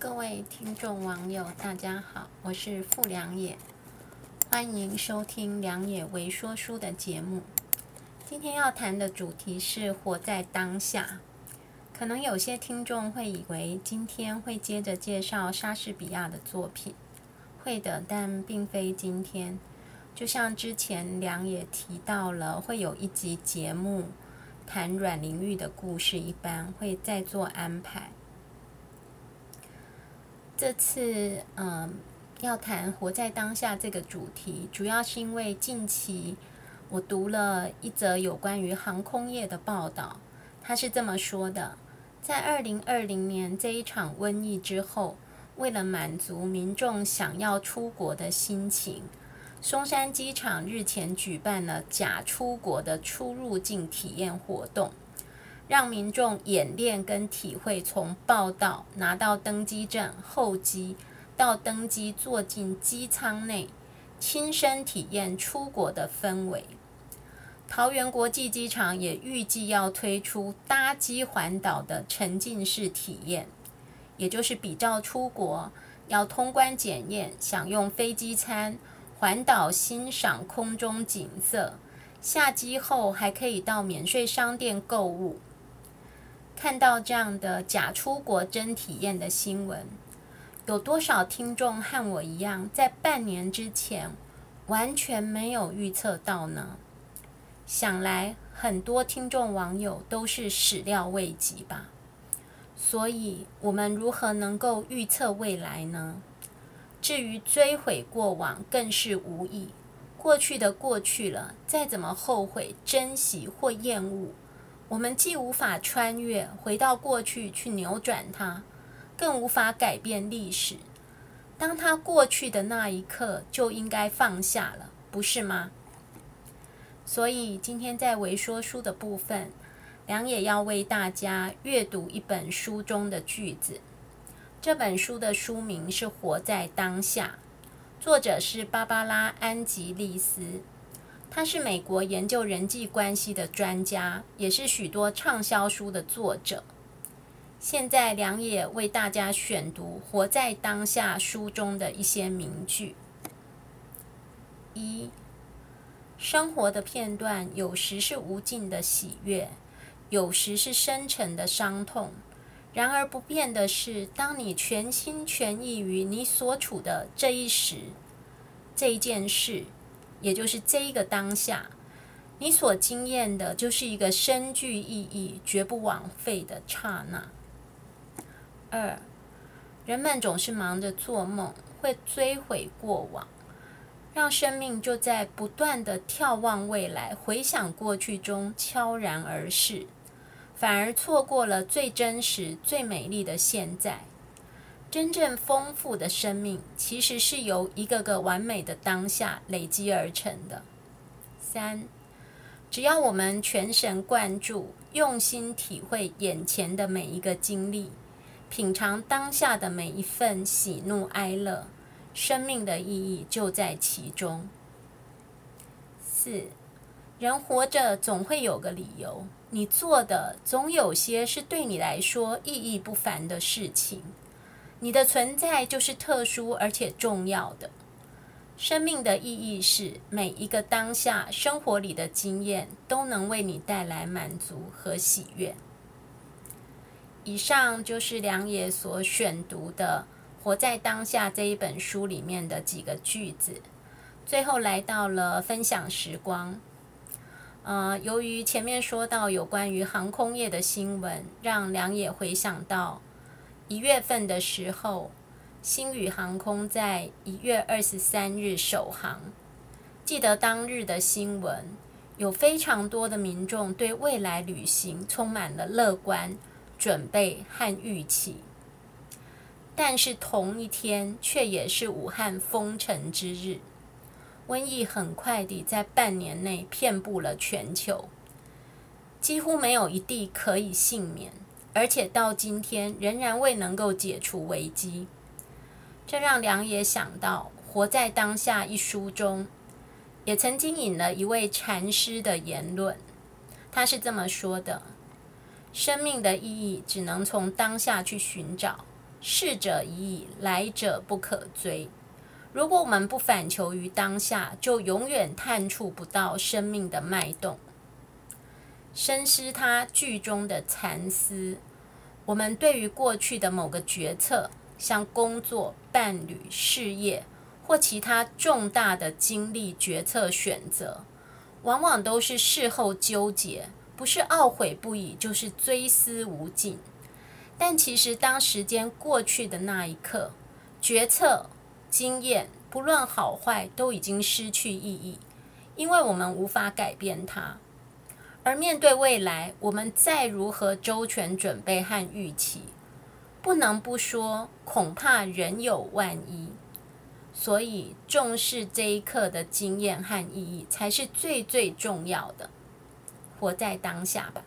各位聽眾網友，大家好，我是傅良也，歡迎收聽良也微說書的節目。今天要談的主題是活在當下。可能有些聽眾會以為今天會接着介紹莎士比亞的作品，會的，但並非今天。就像之前良也提到了，會有一集節目談阮玲玉的故事一般，會再做安排。這次嗯，要談“活在當下”這個主題，主要是因為近期我讀了一則有關於航空業的報道，它是這麼說的：在二零二零年這一場瘟疫之後，為了滿足民眾想要出國的心情，松山機場日前舉辦了假出國的出入境體驗活動。讓民眾演練跟體會，從報到拿到登機證、候機到登機、坐進機艙內，親身體驗出國的氛圍。桃園國際機場也預計要推出搭機環島的沉浸式體驗，也就是比照出國要通關檢驗、享用飛機餐、環島欣賞空中景色、下機後還可以到免稅商店購物。看到這樣的假出國真體驗的新聞，有多少聽眾和我一樣，在半年之前完全沒有預測到呢？想來，很多聽眾網友都是始料未及吧。所以，我們如何能夠預測未來呢？至於追悔過往，更是無益。過去的過去了，再怎麼後悔、珍惜或厭惡。我們既無法穿越，回到過去去扭轉它，更無法改變歷史。當它過去的那一刻，就應該放下了，不是嗎？所以今天在微說書的部分，良也要為大家閱讀一本書中的句子。這本書的書名是《活在當下》，作者是芭芭拉·安吉麗思。她是美國研究人際關係的專家，也是許多暢銷書的作者。現在，良也為大家選讀《活在當下》書中的一些名句：一、生活的片段有時是無盡的喜悅，有時是深沉的傷痛。然而不變的是，當你全心全意於你所處的這一時、這一件事。也就是這一個當下，你所經驗的，就是一個深具意義、絕不枉費的剎那。二，人們總是忙着做夢，會追悔過往，讓生命就在不斷的眺望未來、回想過去中悄然而逝，反而錯過了最真實、最美麗的現在。真正豐富的生命，其實是由一個個完美的當下累積而成的。三，只要我們全神貫注，用心體會眼前的每一個經歷，品嘗當下的每一份喜怒哀樂，生命的意義就在其中。四，人活着總會有個理由，你做的總有些是對你來說意義不凡的事情。你的存在就是特殊而且重要的。生命的意義是，每一個當下生活裡的經驗都能為你帶來滿足和喜悅。以上就是良也所選讀的《活在當下》這一本書裡面的幾個句子。最後來到了分享時光。呃，由於前面說到有關於航空業的新聞，讓良也回想到。一月份的時候，星宇航空在一月二十三日首航。記得當日的新聞，有非常多的民眾對未來旅行充滿了樂觀、準備和預期。但是同一天，卻也是武漢封城之日。瘟疫很快地在半年內遍布了全球，幾乎沒有一地可以幸免。而且到今天仍然未能夠解除危機，這讓良也想到《活在當下》一書中，也曾經引了一位禪師的言論，他是這麼說的：生命的意義只能從當下去尋找，逝者已矣，來者不可追。如果我們不反求於當下，就永遠探觸不到生命的脈動。深思他句中的禪思，我們對於過去的某個決策，像工作、伴侶、事業或其他重大的經歷決策選擇，往往都是事後糾結，不是懊悔不已，就是追思無盡。但其實，當時間過去的那一刻，決策經驗不論好壞，都已經失去意義，因為我們無法改變它。而面對未來，我們再如何周全準備和預期，不能不說恐怕仍有萬一。所以，重視這一刻的經驗和意義，才是最最重要的。活在當下吧。